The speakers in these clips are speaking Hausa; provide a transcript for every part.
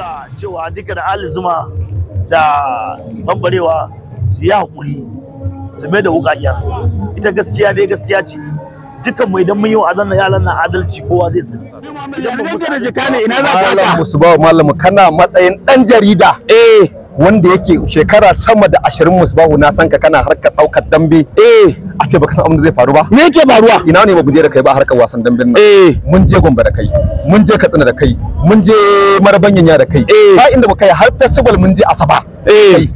ga cewa duka da alizuma da bambarewa su yi haƙuri su mai da wuƙaƙiyar ita gaskiya dai gaskiya ce dukan mai don mun yi wa'azan na na adalci kowa zai sani idan ba mu ina za ka malam ba malam kana matsayin dan jarida eh wanda yake shekara sama da ashirin musbahu na san ka kana harkar ɗaukar dambe eh a ce baka san abin da zai faru ba me yake faruwa ina ne ba da kai ba harkar wasan damben nan eh mun je gombe da kai mun je katsina da kai mun je yanya da kai eh. ba inda baka yi har festival mun je asaba eh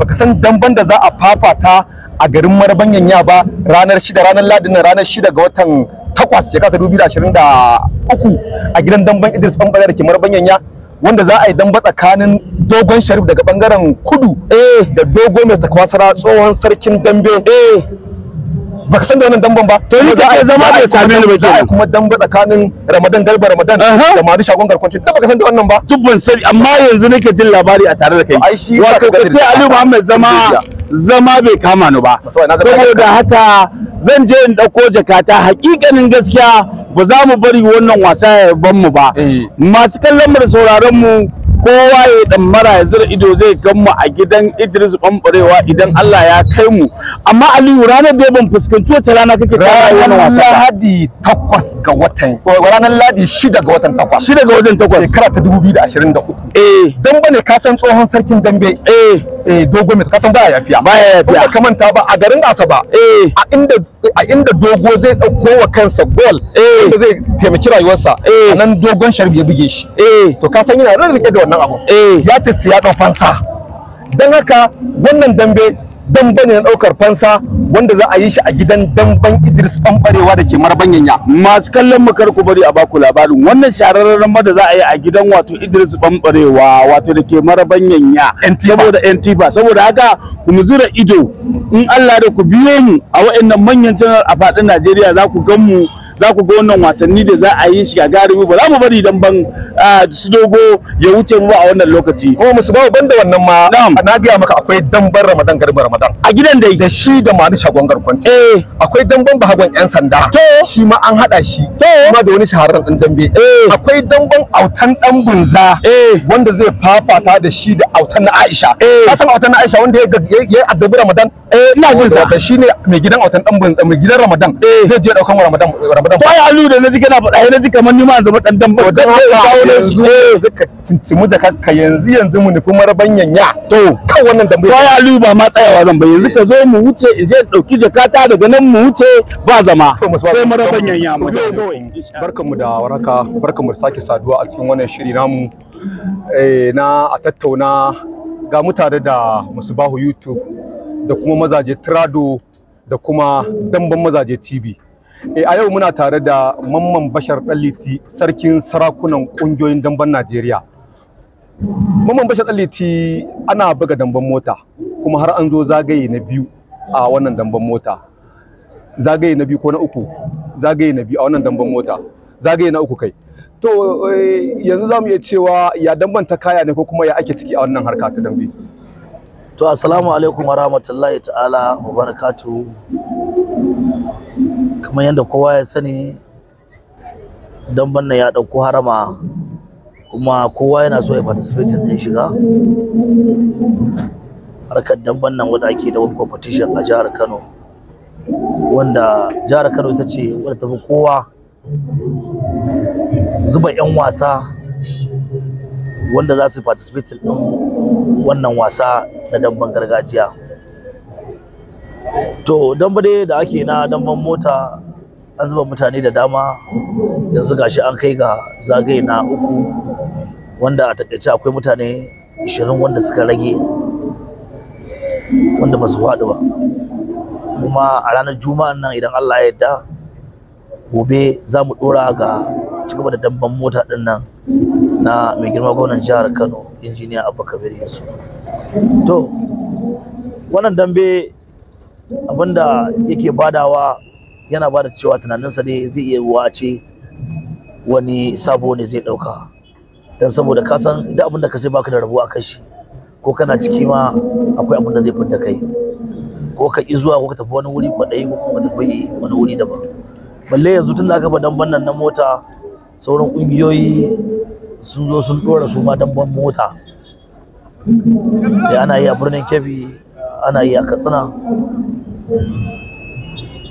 baka san damben da za a fafata a garin marabanyan yanya ba ranar shida ranar ladin ranar shida ga watan takwas shekara ta dubu da ashirin da uku a gidan damben idris bambara da ke marabanyan yanya wanda za a yi damba tsakanin dogon sharif daga bangaren kudu eh. da dogon mai takwasara tsohon sarkin dambe eh. baka san da wannan damban ba to ni kake zama da same ni ba ke kuma damba tsakanin Ramadan Garba Ramadan da Madu Shagon Garkwanci da baka san da wannan ba duk ban sani amma yanzu nake jin labari a tare da kai ka ce Ali Muhammad zama zama bai kama ni ba saboda haka zan je in dauko jakata hakikanin gaskiya ba za mu bari wannan wasa ya ban mu ba eh. masu kallon mu da sauraron mu kowa ya dammara ya zira ido zai gama a gidan Idris bambarewa idan Allah ya kai mu amma Aliyu ranar da ban fuskanci wace rana kake ta wannan wasa ladi 8 ga watan ranar Ladi 6 ga watan 8 6 ga watan 8 shekara ta 2023 eh dan bane ka san tsohon sarkin dambe eh eh dogo mai kasan ba ya yafiya baya yafiya kuma ka manta ba a garin Asaba eh a inda a inda dogo zai dauko wa kansa gol eh inda zai taimaki rayuwarsa eh nan dogon sharbi ya buge shi eh to ka san yana rike da wannan abu eh ya ce siya dan fansa dan haka wannan dambe damba ne na ɗaukar fansa wanda za a yi shi a gidan damban Idris Ɓanɓarewa da ke Marbanyanya. Masu kallon mu kar ku bari a baku labarin wannan shararren ma za a yi a gidan wato Idris Ɓanɓarewa wato da ke Marbanyanya. Saboda Antifa saboda haka ku mu zura ido in Allah da ku biyo mu a waɗannan manyan channel a faɗin Najeriya za ku gan mu za ku ga wannan wasanni da za a yi shi garibi ba za mu bari dan ban ah, su dogo ya wuce mu ba a wannan lokaci kuma musu ba banda wannan ma na ga maka akwai damban ramadan garin ramadan a gidan da da shi da manu shagon garkon eh akwai damban bahagon yan sanda to shi ma an hada shi to kuma da wani shahararren dan dambe eh akwai damban autan dan bunza eh wanda zai fafata da shi da autan na Aisha eh ka san autan na Aisha wanda ya ya addabi ramadan eh ina jin sa ne mai gidan autan dan bunza mai gidan ramadan eh zai je daukan ramadan zama dan ko ai alu da naji kana faɗa naji kamar ni ma an zama dan dan ba da kawo ne su eh, zaka cincimu da kakka yanzu yanzu mu nufi maraban yanya to kan wannan dambe ko ai alu ba ma tsayawa zan bai yanzu ka zo mu wuce in je dauki jakata daga nan mu wuce ba zama sai maraban yanya mu barkanmu da waraka barkanmu da sake saduwa a cikin wannan shiri namu eh, na a tattauna ga mutane da musubahu youtube da kuma mazaje trado da kuma damban mazaje tv Eh, a yau muna tare da mamman bashar Daliti, sarkin sarakunan ƙungiyoyin damban najeriya mamman bashar Daliti ana buga damban mota kuma har an zo zagaye na biyu a wannan damban mota zagaye na biyu ko na uku zagaye na biyu a wannan damban mota zagaye na uku kai to eh, yanzu za mu iya cewa ya dambanta kaya ne ko kuma ya ake ciki a wannan harka ta dambe to assalamu alaikum wa rahmatullahi ta'ala wa barakatuhu kuma yadda kowa ya sani don banna ya ɗauko harama kuma kowa yana so ya participate ɗin shiga harkar damban nan wadda ake da wani competition a jihar kano wanda jihar kano ita ce wadda tafi kowa zuba 'yan wasa wanda za su participate ɗin wannan wasa na damban gargajiya to damba dai da ake na damban mota an zuba mutane da dama yanzu gashi an kai ga zagaye na uku wanda a takaice akwai mutane 20 wanda suka rage wanda ba su faɗi ba kuma a ranar juma'an nan idan Allah ya yarda gobe za mu ɗora ga cigaba da damban mota ɗin nan na mai girma gwamnan jihar Kano injiniya Abba Kabir to wannan dambe abinda yake badawa yana ba da cewa tunaninsa ne zai iya yiwuwa ce wani sabo ne zai ɗauka don saboda ka san idan abin da ka ce baka da rabuwa kai shi ko kana ciki ma akwai abin da zai fitta kai ko ka ki zuwa ko ka tafi wani wuri kwaɗayi ko ka tafi wani wuri daban balle yanzu tun da aka ba damban nan na mota sauran ƙungiyoyi sun zo sun ɗora su ma damban mota da eh, ana yi a birnin kebbi ana yi a katsina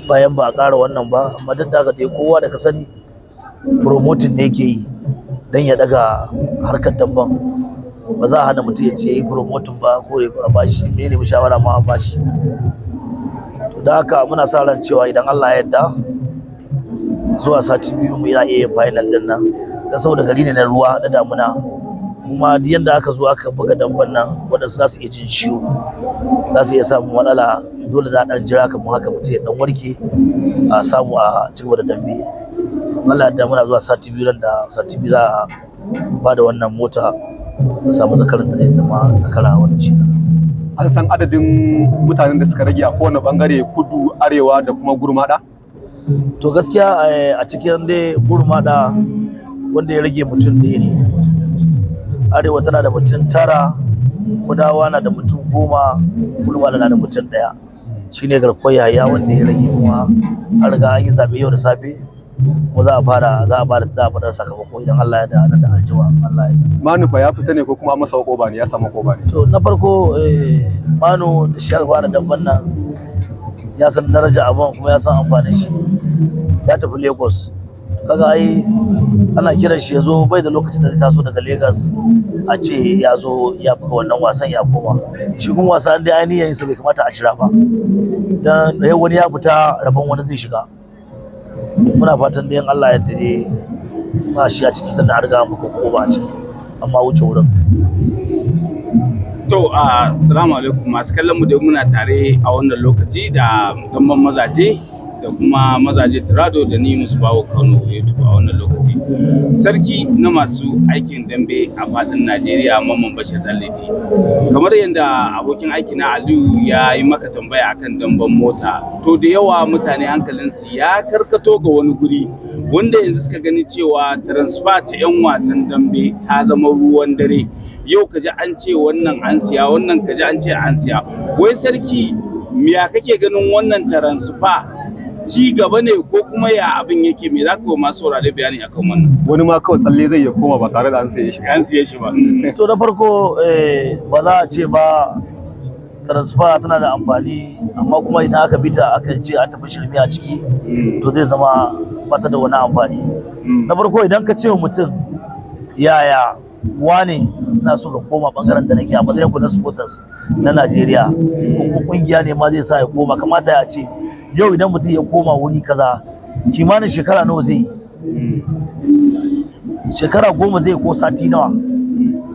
bayan ba a ƙara wannan ba amma duk da dai kowa da ka sani promoting ne ke yi don ya daga harkar damban ba za a hana mutum ya ce yi promoting ba ko ya ba bashi me ne shawara ma ba bashi to da haka muna sa ran cewa idan Allah ya yarda zuwa sati biyu mu yana iya yin final din nan da saboda gari ne na ruwa da damuna kuma duk yanda aka zo aka buga damban nan wanda za su iya jin ciwo za su iya samu matsala dole za dan jira kamar haka mutum ya dan warke a samu a cigaba da dambe Allah da muna zuwa sati biyu da sati biyu za a ba da wannan mota a samu zakarar da zai zama zakara wannan shekara an san adadin mutanen da suka rage a kowane bangare kudu arewa da kuma gurmada to gaskiya eh, a cikin dai gurmada wanda ya rage mutum ɗaya ne arewa tana da mutum tara kudawa na da mutum goma gulma na da mutum ɗaya shine garkuwar yaya wanda ya rage kuma an riga an yi zaɓe yau da safe ko za a fara za a fara za a fara sakamako idan Allah ya da nan da aljiwa Allah ya da manufa ya fita ne ko kuma masa ba ne ya samu ba ne to na farko eh manu da shi fara dabban nan ya san daraja abun kuma ya san amfanin shi ya tafi Lagos kaga ai ana kiran shi ya zo bai da lokacin da taso daga Lagos a ce ya zo ya buga wannan wasan ya koma shi kuma wasan da ainihin sa bai kamata a jira ba dan da yau wani ya fita rabon wani zai shiga muna fatan da Allah ya dade ba shi a cikin sanda har riga muku ko ba a amma wuce wurin To, assalamu ah, alaikum masu kallon mu da muna tare a wannan lokaci da gamban mazaje da kuma mazaje Tirado da ni Musbawo Kano YouTube a wannan lokaci. Sarki na masu aikin dambe a faɗin Najeriya Mamman Bashir Dalliti. Kamar yadda abokin aiki na Aliyu ya yi maka tambaya akan damben mota, to da yawa mutane hankalinsu ya karkato ga wani guri wanda yanzu suka gani cewa transfer ta 'yan wasan dambe ta zama ruwan dare. Yau kaji an ce wannan an siya, wannan kaji an ce an siya. Wai sarki, ya kake ganin wannan transfer ci gaba ne ko kuma ya abin yake me za ka saurare bayani akan wannan wani ma kawai tsalle zai ya koma ba tare da an siye shi an siye shi ba to da farko eh, ba za a ce ba transfer tana da amfani amma kuma idan aka bita aka ce an tafi shirme a ciki hmm. to zai zama bata da wani amfani hmm. na farko idan ka ce wa mutum yaya wane na so ka koma bangaren da nake a matsayin ku na supporters na Najeriya hmm. ko kungiya ne ma zai sa ya koma kamata ya ce yau idan mutum ya koma wuri kaza kimanin shekara nawa zai yi shekara goma zai ko sati nawa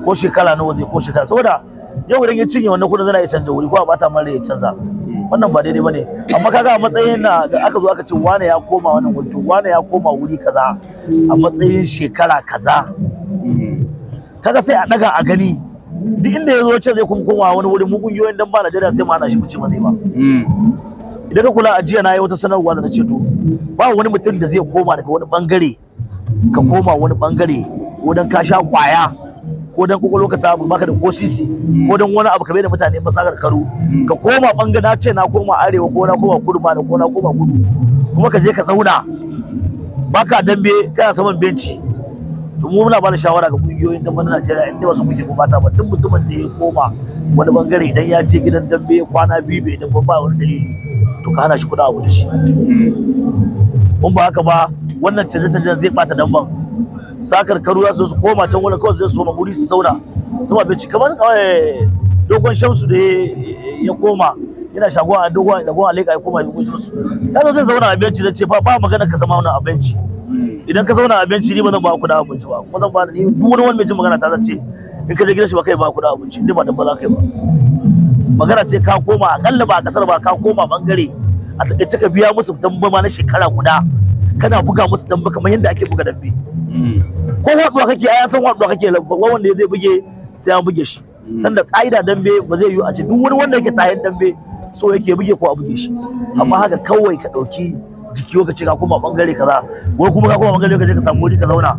ko shekara nawa zai ko shekara saboda yau idan ya cinye wannan kudin zana canza wuri ko a bata mara ya canza wannan ba daidai bane amma kaga a matsayin na da aka zo aka ce wane ya koma wannan wuri wane ya koma wuri kaza a matsayin shekara kaza kaga sai a daga a gani duk inda ya zo ce zai kuma koma wani wuri mu kungiyoyin dan ba Najeriya sai mu hana shi mu ce ba zai ba idan ka kula a jiya na yi wata sanarwa da na ce to ba wani mutum da zai koma daga wani bangare ka koma wani bangare ko dan ka sha kwaya ko dan kokolo ka tabu baka da kosisi ko dan wani abu ka bai da mutane ba sa karu ka koma bangare na ce na koma arewa ko na koma kudu da ko na koma kudu kuma ka je ka zauna baka dambe kana saman benci to mu muna bada shawara ga kungiyoyin dambe na Najeriya inda wasu kuke bukata ba duk mutumin da ya koma wani bangare idan ya je gidan dambe kwana biyu bai dambe ba wani dalili ka hana shi kuɗa abu da shi in ba haka ba wannan canje-canjen zai dan damban sakar karu za su koma can wani kawai zai su ma guri su sauna sama bai ci kamar eh, dogon shamsu da ya koma yana shagon a dogon dogon alika ya koma ya gudu su ya zo zai zauna a benci da ce fa ba magana ka zama wannan a benci idan ka zauna a benci ni ba zan ba ku da abinci ba kuma zan ba ni duk wani wani mai jin magana ta zace in ka je gidan shi ba kai ba ku da abinci ni ba dan ba za kai ba magana ce ka koma akalla ba a kasar ba ka koma bangare a takaice ka biya musu dambe ma na shekara guda kana buga musu dambe kamar yadda ake buga dambe hmm. ko waɗuwa kake a san waɗuwa kake wanda zai buge sai an buge shi dan hmm. da ƙa'ida dambe ba zai yi a ce duk wani wanda yake tayin dambe so yake buge ko a buge shi hmm. amma haka kawai ka ɗauki jiki ka ce ka koma bangare kaza ko kuma ka koma bangare ka je ka samu wuri ka zauna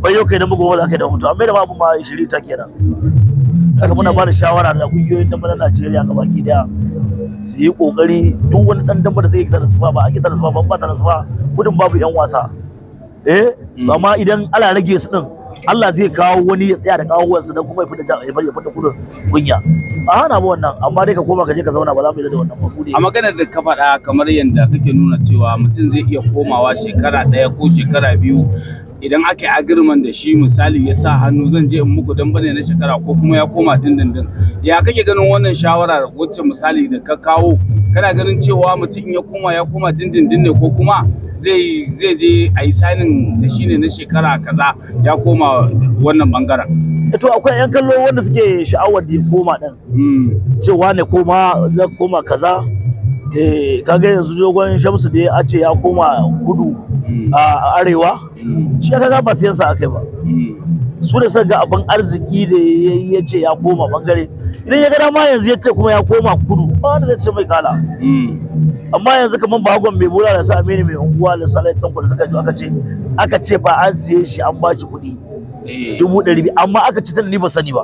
bai yau kai da mugu za ka yi da mutu amma da babu ma shiri ta kenan saka muna ba da shawara da kungiyoyin dambe na Najeriya baki daya su yi kokari duk wani dan damba da zai kita da ba a kita da ba ba da su gudun babu yan wasa eh mm. amma idan ala rage su din Allah zai kawo wani ya tsaya da kawuwan su dan kuma ya fita ya fita fita kudin kunya a hana mu wannan amma dai ka koma ka je ka zauna ba za mu yi da wannan mafudi a maganar da ka faɗa kamar yanda kake nuna cewa mutum zai iya komawa shekara ɗaya ko shekara biyu idan aka yi agirman da shi misali ya sa hannu zan je in muku dambane na shekara ko kuma ya koma dindindin ya kake ganin wannan shawara wacce misali da ka kawo kana ganin cewa mutum ya koma ya koma dindindin ne ko kuma zai zai je a yi sanin da shi ne na shekara kaza ya koma wannan bangaren eh to akwai yan kallo wanda suke sha'awar da koma din hmm. cewa ne koma zai koma kaza eh kaga yanzu dogon shamsu da ya ce ya koma kudu Mm. a arewa mm. shi aka kaga ba siyansa akai ba mm. su da suka ga abin arziki da ya ce ya koma bangare idan ya ga dama yanzu ya ce kuma ya koma kudu ba wanda zai ce mai kala amma yanzu kamar bagon mai bula da su aminu mai unguwa da salai tanko da suka ji aka ce aka ce ba an siye shi an bashi kuɗi eh. dubu ɗari amma aka ce ta ni ba sani ba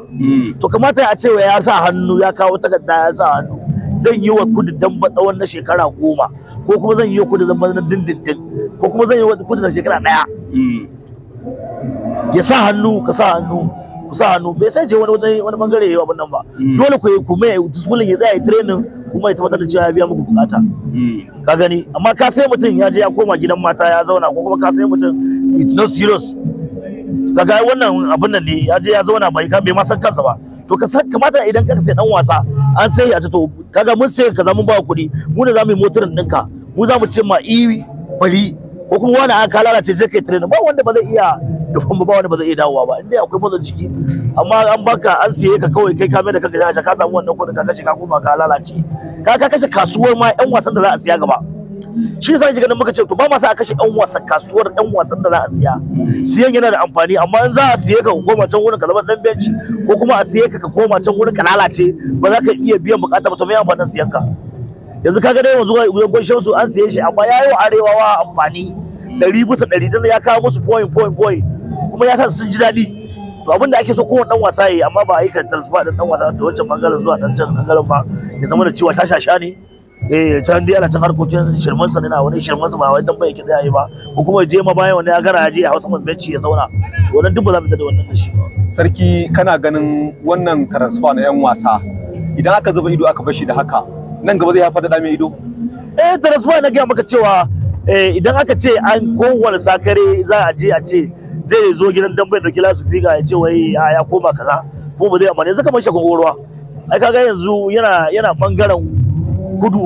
to kamata a ce ya sa hannu ya kawo takarda ya sa hannu zan yi wa kudu damba tsawon na shekara goma ko kuma zan yi wa kudu damba na dindindin ko kuma zan yi wa kudu na shekara ɗaya ya sa hannu ka sa hannu ku sa hannu bai sai je wani wani bangare yayi abin nan ba mm. dole ku ku mai discipline ya tsaya training kuma ya tabbatar da cewa ya biya muku bukata mm. ka gani amma ka sai mutum ya je ya koma gidan mata ya zauna ko kuma ka sai mutum it's not serious ka ga wannan abin nan ne ya je ya zauna bai ka bai ma san kansa ba to ka kamata idan ka sai dan wasa an sai a ce to kaga mun sai kaza mun ba kuɗi mu ne zamu yi motar ɗinka mu za mu ce ma i bari ko kuma wani an ka lalace je kai training ba wanda ba zai iya dubban ba wanda ba zai iya dawowa ba inda akwai motsa jiki amma an baka an siye ka kawai kai ka mai da kanka ka samu wannan kuɗin ka kashe ka koma ka lalace ka ka kashe kasuwar ma yan wasan da za a siya gaba shi yasa kike ganin muka ce to ba ma sa a kashe yan wasan kasuwar yan wasan da za a siya siyan yana da amfani amma in za a siye ka koma can wurin ka zama dan benci ko kuma a siye ka ka koma can wurin ka lalace ba za ka iya biyan bukata ba to me amfanin siyan ka yanzu kaga dai yanzu gwanshin su an siye shi amma ya yi wa arewawa amfani ɗari bisa ɗari tunda ya kawo musu point point point kuma ya sa sun ji daɗi to abin da ake so kowane ɗan wasa yayi yi amma ba a yi kan transfer dan wasa da wancan bangaren zuwa dan can bangaren ba ya zama da cewa shasha ne eh can dai ana cin harkokin shirman sa ne na wani shirman sa ba wai dan bai ki tsaya ba ko kuma je ma bayan wani ya gara je a Hausa mun ya zauna wannan duk ba za mu da wannan dashi ba sarki kana ganin wannan transfer na yan wasa idan aka zuba ido aka bashi da haka nan gaba zai haifar da mai ido eh transfer na ga maka cewa eh, idan aka ce an kowane sakare za a je a ce zai zo gidan dambe da kila su figa ya ce wai ya koma kaza ko ba zai amfani zaka mashi shagon ruwa ai kaga yanzu yana yana bangaren kudu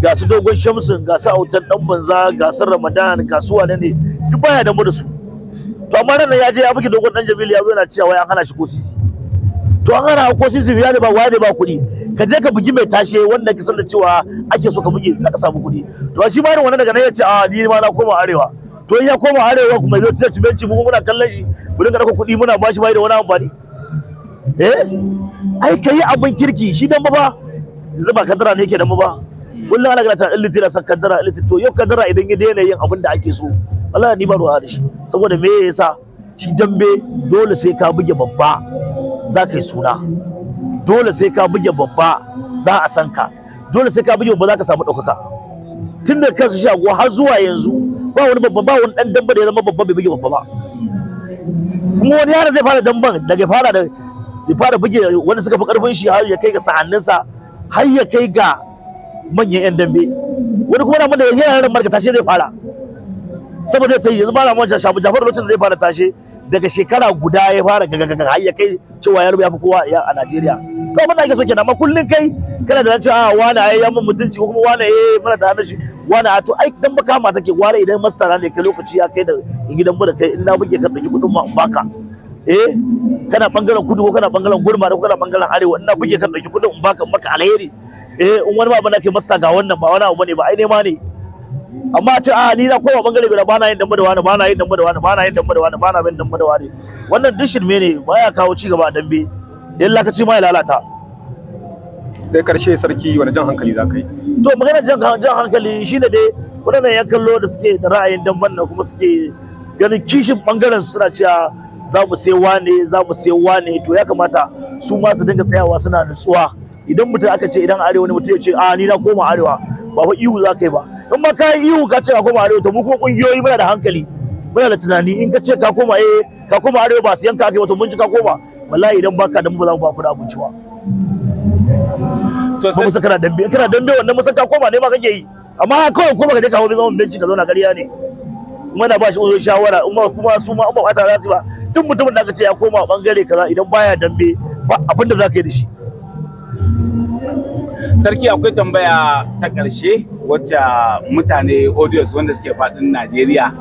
ga su dogon shamsin ga su autan dan banza ga su ramadan ga su wane ne duk baya damu da su to amma ranar ya je ya buge dogon dan jamilu ya zo yana cewa wai an hana shi ko sisi to an hana ko sisi ya ne ba wa ne ba kuɗi ka je ka bugi mai tashe wanda ka san da cewa ake so ka bugi za ka samu kuɗi to shi ba wannan daga nan ya ce a ah, ni ma na koma arewa to in ya koma arewa kuma zai ta cibenci mu muna kallon shi mu dinga daka kuɗi muna bashi bai da wani amfani eh ai kai abin kirki shi dan ba yanzu ba kaddara ne yake da mu ba kullum ana gana ta illiti na san kaddara illiti to yau kaddara idan ya daina yin abin da ake so wallahi ni ba ruwa da shi saboda me yasa shi dambe dole sai ka buge babba za ka yi suna dole sai ka buge babba za a san ka dole sai ka buge babba za ka samu ɗaukaka tun da shi shago har zuwa yanzu ba wani babba ba wani ɗan dambe da ya zama babba bai buge babba ba kuma wani yaro zai fara damban daga fara da sai fara buge wani suka fi karfin shi har ya kai ga sa'anninsa har ya kai ga manyan 'yan dambe wani kuma na da yana yaran marka tashe zai fara saboda ta yi yanzu na wancan shabu jafar lokacin da zai fara tashe daga shekara guda ya fara gagagaga har ya kai cewa yaro ya fi kowa a Najeriya to abin da ake so kenan amma kullun kai kana da cewa a wani ya yamma mutunci ko kuma wani eh mana da shi wani a to ai dan baka ma take ware idan mastara ne kai lokaci ya kai da gidan mu da kai in buge ka dauki kudin ma baka eh kana bangaren kudu ko kana bangaren gurma ko kana bangaren arewa ina buge kan dauki kudin in baka maka alheri eh in wani ba nake masta ga wannan ba wani abu bane ba ai nema ne amma a ce a ah, ni na kowa bangare guda bana yin damba da wani bana yin damba da wani bana yin damba da wani bana yin damba da wani wannan duk shirme ne baya kawo ci gaba a dambe yan lakaci ma ya lalata dai karshe sarki wani jan hankali za ka yi to magana jan hankali shine dai waɗannan yan kallo da suke da ra'ayin damban nan kuma suke ganin kishin bangaren suna cewa za mu sai wane za mu sai wane to ya kamata su ma su dinga tsayawa suna nutsuwa idan mutum aka ce idan arewa ne mutum ya ce a ah, ni na koma arewa ba fa ihu za ka yi ba in ma ka yi ihu ka ce ka koma arewa to mu kuma kungiyoyi muna da hankali muna da tunani in ka ce ka koma eh ka koma arewa ba yanka ka ake wato mun ji ka koma wallahi idan baka da mu ba za mu ba ku da abinci ba to sai kana dambe kana dambe wannan musan ka koma ne ma kake yi amma kawai koma ka je ka hawo zaman benci ka zauna gariya ne muna ba shi shawara kuma su ma ba ta za su ba duk mutumin da aka ce ya koma bangare kaza idan baya dambe abin da za ka yi da shi sarki akwai tambaya ta ƙarshe wacce mutane audios wanda suke faɗin najeriya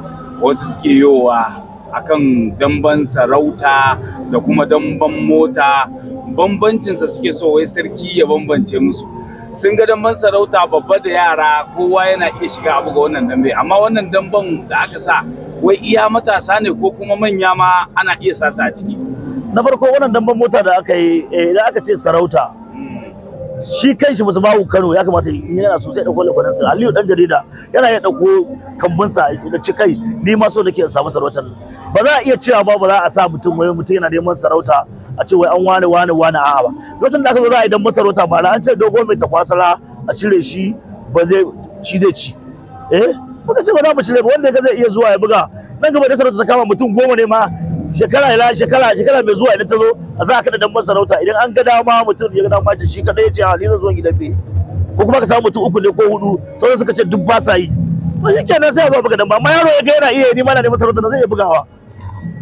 wasu suke yowa akan damban sarauta da kuma damban mota bambancinsa suke so wai sarki ya bambance musu sun ga damban sarauta babba da yara kowa yana iya shiga abu ga wannan dambe amma wannan damban da aka sa wai iya matasa ne ko kuma manya ma ana iya sasa a ciki na farko wannan damban mota da aka yi eh, idan aka ce sarauta shi shi musu bawu Kano ya kamata in yana so zai dauko lakwanin sa Aliyu dan jarida yana ya dauko kambun sa da ci kai ni ma so nake in samu sarautar ba za a iya cewa ba ba za a sa mutum wai mutum yana neman sarauta a ce wai an wane wane wane a'a ba lokacin da aka zo za a yi dan sarauta ba la an ce dogo mai takwasara a cire shi ba zai shi zai ci eh muka ce ba za mu cire ba wanda zai iya zuwa ya buga nan gaba da sarauta ta kama mutum goma ne ma shekara ila shekara shekara mai zuwa idan ta zo a za ka da dan masarauta idan an ga dama mutum ya ga dama ce shi kadai ya ce a ni zo gidan be ko kuma ka samu mutum uku ne ko hudu sauran suka ce duk ba sa yi shi kenan sai a zo buga dan ba ma yaro ya ga yana iya yi, ni ma na da masarauta da zai iya bugawa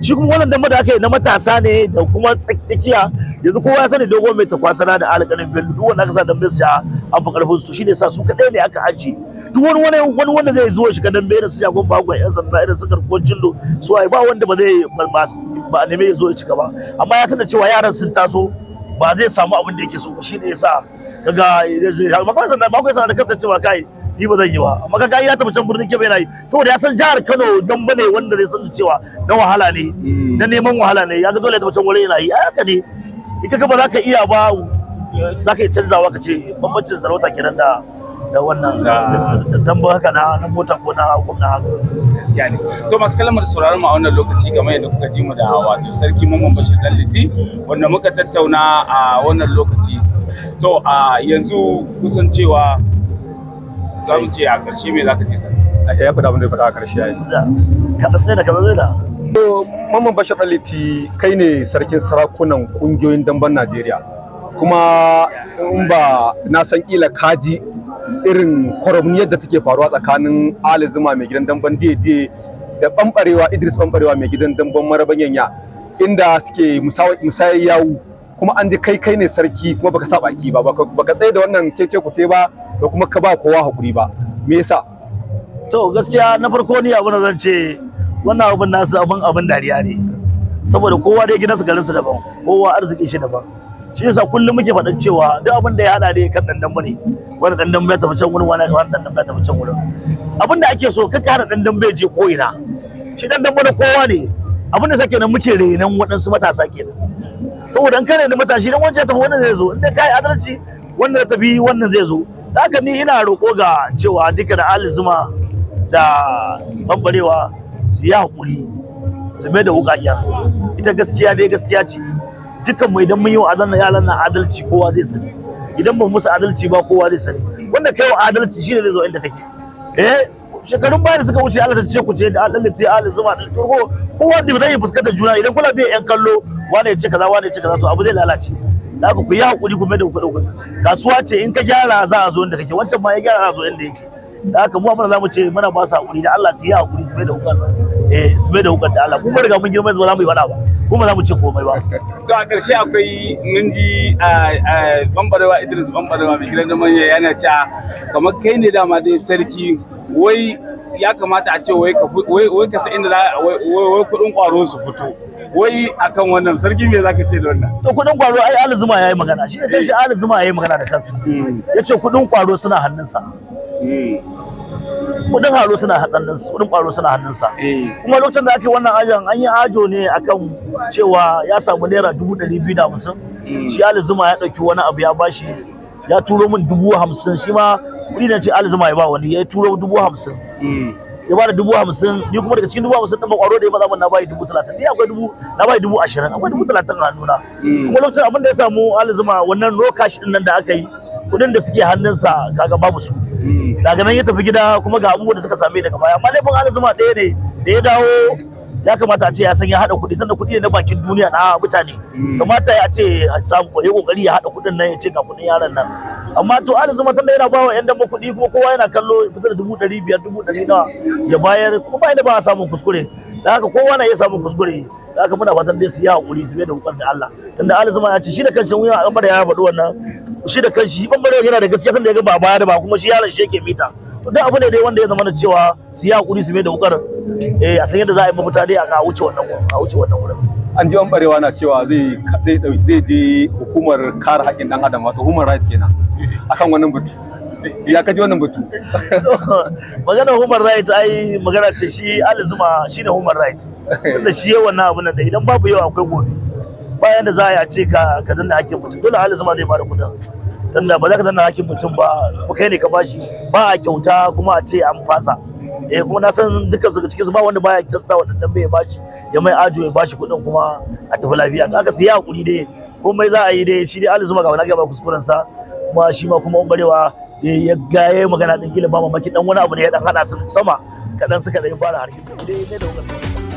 shi kuma wannan dambe da aka yi na matasa ne da kuma tsakiya yanzu kowa ya sani dogon mai takwasana da alƙalin bello duk wanda aka sa dambe su ja an fi karfin su to shine sa su kaɗai ne aka ajiye duk wani wani wani wanda zai zo shiga dambe irin su ba bagon yan da, irin su garkuwar cillo su ai ba wanda ba zai ba a neme ya zo ya cika ba amma ya sani cewa yaran sun taso ba zai samu abin da yake so ba shine yasa kaga ba kai sanda ba kai sanda da kasancewa kai ni ba zan yi ba amma kaga ya tafi can birnin kebe yana yi saboda ya san jihar Kano dan bane wanda zai san cewa na wahala ne hmm. na neman wahala ne ya ga dole ya tafi can wurin yana yi haka ne in kaga ba za ka iya ba za ka yi canzawa ka ce bambancin sarauta kenan da da wannan dan ba haka na na motar ko na gwamna haka gaskiya ne to masu kalmar sauraron mu a wannan lokaci game da kuka ji mu da wato sarki Mamman Bashir Dalliti wanda muka tattauna a wannan lokaci to a yanzu kusan cewa za mu ce a ƙarshe me za ka ce sai ya faɗa abin da ya faɗa a ƙarshe yayi kaɗan da kaɗan da Mamman Bashir Aliti kai ne sarkin sarakunan ƙungiyoyin damben Najeriya kuma in ba na san ƙila kaji irin kwaramin yadda take faruwa tsakanin Ali Zuma mai gidan damben Dede da ɓamɓarewa Idris ɓamɓarewa mai gidan damben Maraban Yanya inda suke musayar yawu kuma an ji kai kai ne sarki kuma baka sa baki ba baka tsaye da wannan ku kuce ba da kuma ka ba kowa hakuri ba me yasa to gaskiya na farko ni abin da zan ce wannan abin nasu abin abin dariya ne saboda kowa dai gidansa garinsa daban kowa arziki shi daban shi yasa kullum muke faɗin cewa duk abin da ya hada dai kan dandan ne wani dandan bai tafi can wurin wani wani dandan bai tafi can wurin abin da ake so kaka hada dandan bai je ko ina shi dandan bane kowa ne abin da sake nan muke renan waɗansu matasa kenan saboda in kare da matashi dan wancan tafi wannan zai zo in dai kai adalci wannan tafi wannan zai zo haka ni ina roƙo ga cewa duka da alizuma da bambarewa su yi hakuri su mai da wuƙaƙiya ita gaskiya dai gaskiya ce dukan mu idan mun yi wa na yaran na adalci kowa zai sani idan ba musu adalci ba kowa zai sani wanda kai wa adalci shine zai zo inda kake eh shekarun baya da suka wuce Allah ta ce ku ce da Allah ta Allah zuma da ko kowa da bai fuskanta juna idan kula bai yan kallo wanda ya ce kaza wanda ya ce kaza to abu zai lalace da ku yi hakuri ku mai da ku kasuwa ce in ka gyara za a zo inda kake wancan ma ya gyara za a zo inda yake da haka mu amma zamu ce muna ba su hakuri da Allah su yi hakuri su mai da hukar eh su mai da hukar da Allah kuma riga mun girma ba za mu yi bada ba kuma za mu ce komai ba to a ƙarshe akwai mun ji bambarewa Idris bambarewa mai gidan manya yana ta kamar kai ne dama dai sarki wai ya kamata a ce wai ka sa inda wai kuɗin ƙwaro su fito wai akan wannan sarki me zaka ce da wannan to kudin kwaro ai Ali Zuma yayi magana shi kanshi Ali Zuma yayi magana da kansa hmm. yace kudin kwaro suna hannunsa kudin haro suna hannunsa kudin kwaro suna hannunsa eh. kuma lokacin da ake wannan ajan an yi ajo ne akan cewa ya samu naira dubu ɗari biyu da hamsin eh. shi alizuma ya ɗauki wani abu ya bashi ya turo min dubu hamsin shi ma kuɗi ne ce alizuma ya ba wani ya turo dubu hamsin eh. ya bada dubu hamsin ni kuma daga cikin dubu hamsin ɗin kwaro da ya maza na bayi dubu talatin ni akwai dubu na bayi dubu ashirin akwai dubu talatin a hannuna kuma lokacin abin da ya samu alizuma wannan no cash ɗin nan da aka yi kuɗin da suke hannunsa kaga babu su hmm. daga nan ya tafi gida kuma ga abubuwan da suka same daga baya amma laifin alazuma ɗaya ne da ya dawo ya kamata a ce ya san ya hada kuɗi tunda kuɗi ne na bakin duniya na mutane hmm. kamata ya ce samu ko ya kokari ya hada kuɗin nan ya ce ga kuɗin yaran nan amma to an zama tunda yana bawa yan damba kuɗi kuma kowa yana kallo fitar da dubu ɗari biyar dubu ɗari nawa ya bayar kuma ba inda ba a samun kuskure da haka kowa na iya samun kuskure da haka muna fatan dai su yi hakuri su bai da hukar da Allah tunda an zama ya ce shi da kanshi wuya a ɓangare ya faɗi wannan shi da kanshi ɓangare yana da gaskiya tunda ya ga ba baya da ba kuma shi yaran shi yake mita to duk abu ne dai wanda ya zama da cewa su yi hakuri su mai da wukar eh a san yadda za a yi mafita dai a wuce wannan a wuce wannan wurin an ji barewa na cewa zai zai je hukumar kare haƙƙin dan adam wato human rights kenan akan wannan batu ya kaji wannan batu magana human right ai magana ce shi alizuma shine human right tunda shi yayi wannan abun da idan babu yau akwai gobe bayan da za a yi a ce ka ka danna hakkin mutum dole alzuma zai bada kudin tunda ba za ka zanna hakin mutum ba ku kai ne ka bashi ba a kyauta kuma a ce an fasa eh kuma na san dukkan su cikin su ba wanda baya kyauta wa dan bai bashi ya mai ajo ya bashi kuɗin kuma a tafi lafiya aka sai ya hakuri dai komai za a yi dai shi dai zuma ga wani ba kuskuren sa kuma shi ma kuma umbarewa eh, ya gaye magana din gila ba mamaki dan wani abu ne ya dan hada su sama kadan suka dai fara harkin su dai ne da wannan